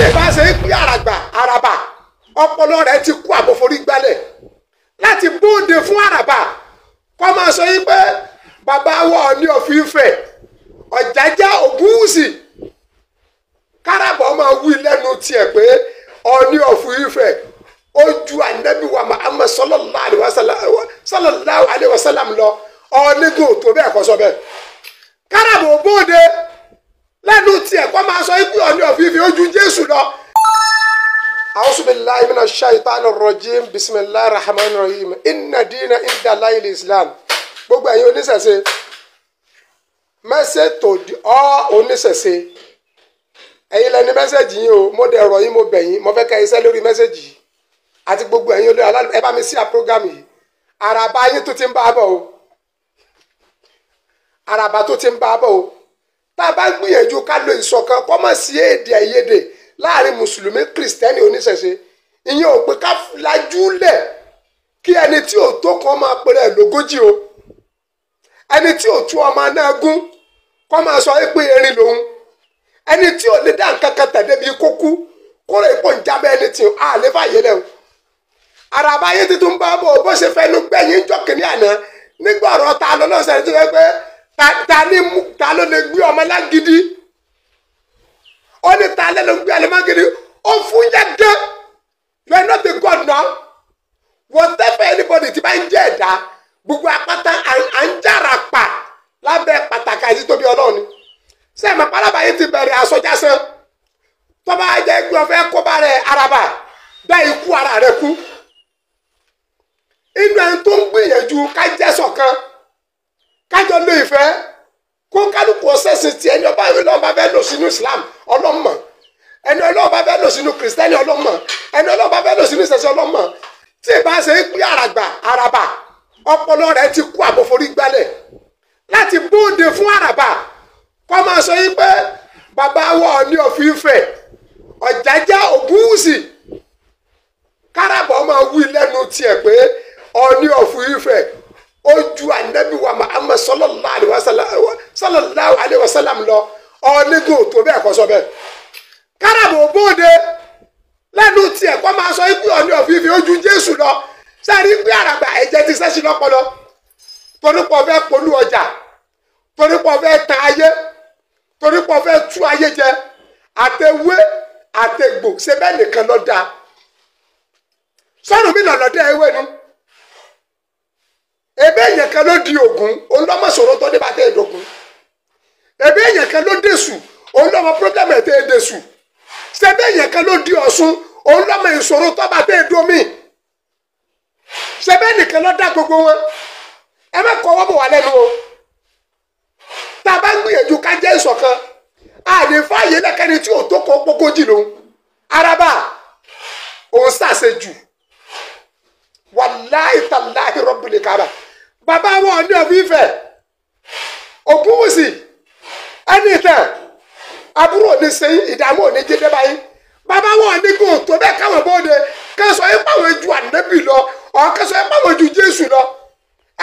tí ẹ ṣe é pé àràgbà àràbà ọpọlọ rẹ ti kú àbòforí gbálẹ̀ láti bóde fún àràbà kó máa sọ yín pé bàbá wọ ní òfin fẹ̀ ọ̀jájá ògúnwùsì káràbọ̀ máa wí lẹ́nu tiẹ̀ pé ọ̀ní òfin Ifẹ̀ ojú ànábì lọ bóde. lẹ́nu tiẹ̀ kọ́ máa sọ ikú ọ̀ní ọ̀fífi ojú jésù lọ. a'udhu billahi minash shaitanir rajim bismillahir rahmanir rahim inna dina inda lahil islam gbogbo ẹ̀yin oníṣẹ̀ṣe mẹ́sẹ̀ tó di ọ́ oníṣẹ̀ṣe ẹ̀yin lẹni mẹ́sẹ̀jì yín o mo dẹ̀ rọ̀ yín mo bẹ̀ yín mo fẹ́ ka iṣẹ́ lórí mẹ́sẹ̀jì yìí gbogbo ẹ̀yin olórí alálùbẹ́ ẹ mi sí program yìí araba yín tó ti ń bọ̀ o araba tó ti ń o. tá a bá gbìyànjú ká lo ìṣọ̀kan kó má sí èdè àìyedè láàrin mùsùlùmí kìrìsìtẹ́nì oníṣẹ̀ṣe ìyẹn ò pé ká lajú lẹ̀ kí ẹni tí ò tó kan máa pèrè lógójì o ẹni tí ò tú ọmọ náà gún kó máa sọ pé erin lòun ẹni tí ò lè dá nǹkan kan tẹ̀lé bíi kókú kóró ìpò ìjábẹ́ ẹni tí a lè fàyè lẹ̀ o àràbáyé tuntun bá bọ̀ bó ṣe fẹ́ ló gbẹ̀yìn jọ́kìnní àná nígbà ọ̀rọ̀ ta lọ́nà ṣẹlẹ̀ tó fẹ́ pé ta ni ta ló lè gbé ọmọ lágídí ó ní ta lẹ́nu gbé ọmọ lágídí ó fún yẹn dé you are not a god now whatever anybody ti bá ń jẹ́ ẹ̀dá gbogbo apáta à ń jára pa lábẹ́ pàtàkì àti tóbi ọlọ́run ni sẹ́ẹ̀mọ̀ pálábàáyé ti bẹ̀rẹ̀ àsọjásán tọ́ba ajẹ́ gbé ọ̀fẹ́ kóbá rẹ̀ araba dá ikú ara rẹ̀ kú inú ẹni tó ń gbìyànjú ká jẹ́ ṣọ̀kan. So kájọ lo ìfẹ́ kó kálukú ọ̀sẹ̀sìn tiẹ̀ ní ọba ọlọ́run bá fẹ́ lò sínú Islam ọlọ́mọ ẹni ọlọ́run bá fẹ́ lò sínú kìrìsìtẹ́nì ọlọ́mọ ẹni ọlọ́run bá fẹ́ lò sínú ìṣẹ̀ṣẹ̀ ọlọ́mọ tí ìbá ṣe ń pín àràgbà àràbà ọpọlọ rẹ ti kú àbòforí gbálẹ̀ láti bóde fún àràbà kó máa sọ yín pé bàbá wọ ní òfin fẹ̀ ọ̀jájá ògúnwùsì káràbọ̀ máa wí lẹ́nu tiẹ̀ pé ọ̀ní òfin fẹ̀ ojú anabi wa Muhammad sallallahu alayhi wa sallam sallallahu alayhi wa sallam lọ ọ̀nìgò tó bẹ́ẹ̀ kọ́ sọ bẹ́ẹ̀. káràbò bóde lẹ́nu tiẹ̀ kọ́ máa sọ ikú ọ̀nì ọ̀fífi ojú jésù lọ sẹ́ni pé àràgbà ẹ̀jẹ̀ ti sẹ́sì lọ́pọlọ torípọ̀ fẹ́ polú ọjà torípọ̀ fẹ́ tan ayé torípọ̀ fẹ́ tú ayé jẹ àtẹwé àtẹgbò ṣe bẹ́ẹ̀ nìkan lọ́ọ́ da sọ́run mi lọ̀lọ́dẹ́ ewé nu. No? ebe èèyàn kan ló di ogun olùdọ́mọ̀sọ̀rọ̀ tó dé bá tẹ́ ebe èèyàn kan ló dẹ̀sù olùdọ́mọ̀ pírọ́gàmù ẹ̀ tẹ́ ìdẹ̀sù èèyàn kan ló di ọ̀ṣun olùdọ́mọ̀ ìṣòro tó bá tẹ́ ìdómi nìkan ló dá gbogbo wọn ẹ má wọ́pọ̀ wà lẹ́nu o tá a bá ń gbìyànjú ká jẹ́ ìṣọ̀kan tí tó araba òun wàláìtàláì rọ́bìlì kára bàbá wọn ní Ọ̀fìn Ifẹ̀ Ògúnwùsì ẹni aburu àbúrò ní sẹ́yìn ìdààmú òní jẹ́ bàbá wọn ní kò tó bẹ́ẹ̀ káwọn bóde kẹsàn án pàwọn ju ànábì lọ ọ̀ kẹsàn án pàwọn ju Jésù lọ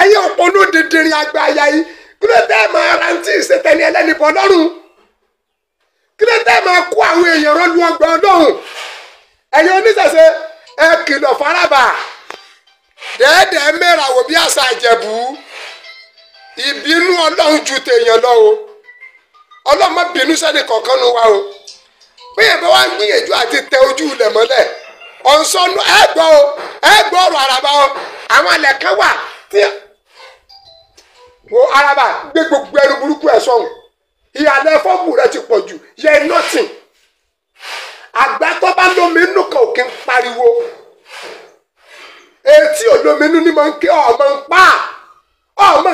ẹ̀yẹ òpónú dìndìnrín àgbà ayá yìí kí ló dé máa rántí ìṣètẹ́ni ẹlẹ́ni bọ́ kí ló dé máa dẹ́ẹ̀dẹ́ mẹ́ràwọ̀ bí àṣà ìbínú ọlọ́run ju tèèyàn lọ o ọlọ́run má bínú sẹ́ni kọ̀ọ̀kan o bí ń gbìyànjú àti tẹ ojú ilẹ̀ mọ́lẹ̀ ọ̀nsọ́nù ẹ gbọ́ àwọn ilẹ̀ wà tí àràbà gbé gbogbo ẹ̀ sọ̀hún fọ́ọ̀mù rẹ ti pọ̀ yẹ eti olóminú ni máa ń ké ọmọ ń ọmọ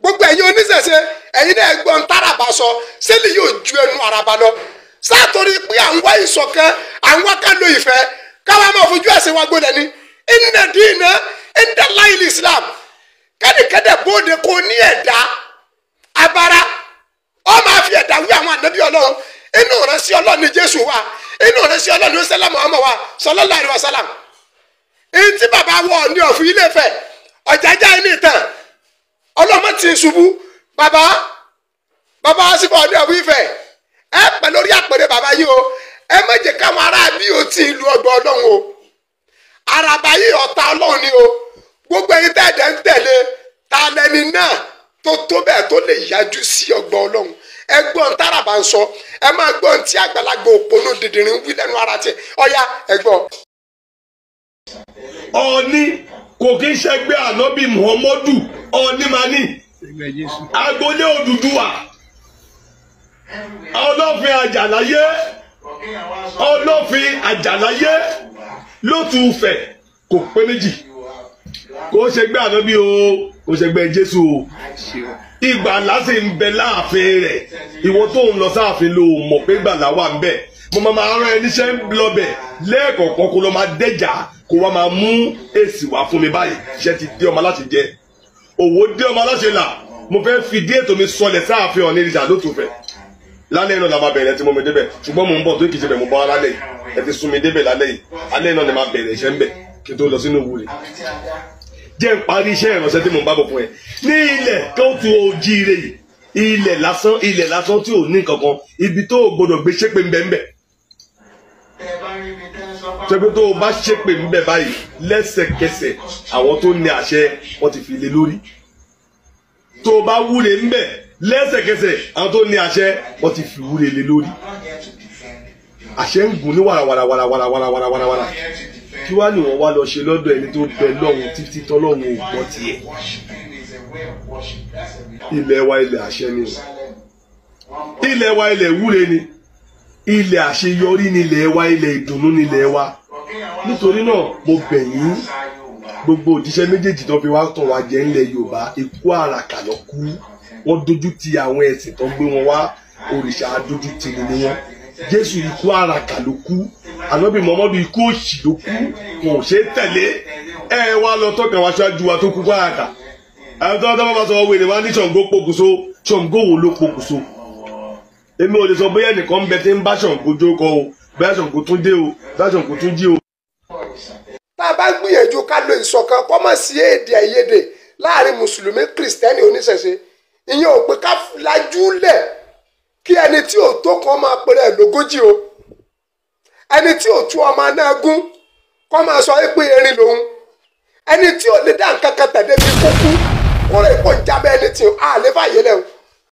gbogbo eyi oníṣẹ̀ṣe ẹ̀yin náà gbọ́n ntaraba sọ sílẹ̀ yóò ju ẹnu araba lọ sátorí pé à ń wá ìṣọ̀kan à ń máa fojú wa gbọ́dọ̀ ni ìnà dínà ìnà láìlì Islam kẹ́nìkẹ́dẹ̀ bóde kò ní abara ọ máa fi wí àwọn ànábì Ọlọ́run inú ni Jésù wa inú ìránṣẹ́ Ọlọ́run ni ó sẹ́lẹ̀ ọmọ wa èyí baba bàbá wọ ní ọ̀fun ilé Ifẹ̀ ọ̀jájá ilé ìtàn ọlọ́mọ ti ṣubú baba bàbá sípò ní ọ̀fun Ifẹ̀ ẹ pẹ̀ lórí àpẹẹrẹ bàbá yìí o ẹ má káwọn ará bí o ti ìlú ọgbà ọlọ́run o àràbà yìí ọ̀tá ọlọ́run ni o gbogbo ẹni tẹ̀dẹ̀ ń tẹ̀lé ta lẹni náà tó tó bẹ́ẹ̀ tó lè yájú sí ọgbà ọlọ́run ẹ gbọ́n tàràbà ń sọ ẹ máa gbọ́n tí àgbàlagbà òpónú dìndìnrín wí lẹ́nu ara tiẹ̀ ọ̀ya ẹ gbọ́ kò kí ń ṣẹgbẹ́ ànábì muhammadu ọ̀nìmaní agbolé Odùduwà ọlọ́fin àjàláyé ọlọ́fin àjàláyé lótùúfẹ̀ kò pé méjì kò ṣẹgbẹ́ ànábì o kò ṣẹgbẹ́ jésù o ìgbàlá sì ń bẹ láàfin rẹ̀ ìwọ tó ń lọ sáàfin ló mọ̀ pé gbàlá wà ń bẹ mo máa rán ẹ níṣẹ́ lọ́bẹ̀ lẹ́ẹ̀kọ̀ọ̀kan kó lọ máa dẹ́jà kó wá máa mú èsì wá fún mi báyìí iṣẹ́ ti dé ọmọ aláṣẹ jẹ òwò dé ọmọ aláṣẹ là mo fẹ́ fi dé ètò mi sọlẹ̀ sáàfin ọ̀nà ìrìnsà lótùfẹ́ lálẹ́ iná la máa bẹ̀rẹ̀ tí mo mi débẹ̀ ṣùgbọ́n mo ń bọ̀ tó kìí ṣe bẹ̀ mo bọ́ alálẹ̀ yìí ẹ ti sún mi débẹ̀ lálẹ́ yìí alẹ́ iná ni máa bẹ̀rẹ̀ iṣẹ́ ń bẹ̀ kí n tó lọ sínú òwúrẹ́ jẹ́ n parí iṣẹ́ ìránṣẹ́ tí mo ń bá bọ̀ fún ẹ ní ilẹ̀ tó tu ojíire yìí ilẹ̀ lásán ilẹ̀ lásán tí ò ní kankan ibi tó gbọdọ̀ gbé ṣépè ń bẹ́ẹ̀ ṣẹ́gbẹ́ tó o bá ṣépè ń bẹ̀ báyìí lẹ́sẹ̀kẹsẹ̀ àwọn tó ní àṣẹ wọ́n ti fi lé lórí tó o bá wúre ń bẹ̀ lẹ́sẹ̀kẹsẹ̀ àwọn tó ní àṣẹ wọ́n ti fi wúre lé lórí àṣẹ ń gùn ní wàràwàràwàràwàràwàràwàrà kí wàá ní wọ́n wá lọ ṣe lọ́dọ̀ ẹni tó bẹ lọ́hùn títí tọ́lọ́hùn ò gbọ́ tiẹ̀ ilẹ̀ wa ilẹ̀ àṣẹ ni ilẹ̀ wa ilẹ̀ wúre ni ilẹ̀ àṣeyọrí nílẹ̀ wa ilẹ̀ ìdùnnú nílẹ̀ wa nítorí náà mo bẹ̀ yín gbogbo òjíṣẹ́ méjèèjì tó fi wá tàn wá jẹ ńlẹ̀ yorùbá ikú àràkà lọ kú wọ́n dojú ti àwọn ẹ̀sìn tó gbé wọn wá òrìṣà dojú ti ni wọn jésù ikú àràkà ló kú ànábì mọ́mọ́dù ikú òṣì ló kú kò ṣe é tẹ̀lé ẹ wá lọ tọ́kàn wá ṣáájú wa tó kú fún àràkà àwọn tó wá tó wá sọ wọ́n wèrè wá ní ṣàǹgó pokùnso ṣàǹgó wo ló pokùnso èmi ò lè sọ bóyá ẹnìkan ń bẹ tí ń bá ṣàǹkó jókòó o bóyá ṣàǹkó tún dé o bóyá ṣàǹkó tún jí o. tá a bá gbìyànjú ká lo ìṣọ̀kan kó má sí èdè àìyedè láàrin mùsùlùmí kìrìsìtẹ́nì oníṣẹ̀ṣe ìyẹn ò pé ká lajú lẹ̀ kí ẹni tí ò tó kan máa pèrè ẹ̀ lógójì o ẹni tí ò tú ọmọ náà gún kó máa sọ pé erin lòun ẹni tí ò lè dá nǹkan kan tẹ̀lé bí kúkú kó rẹ̀ kó jábẹ́ ẹni tí ò àlè fàyè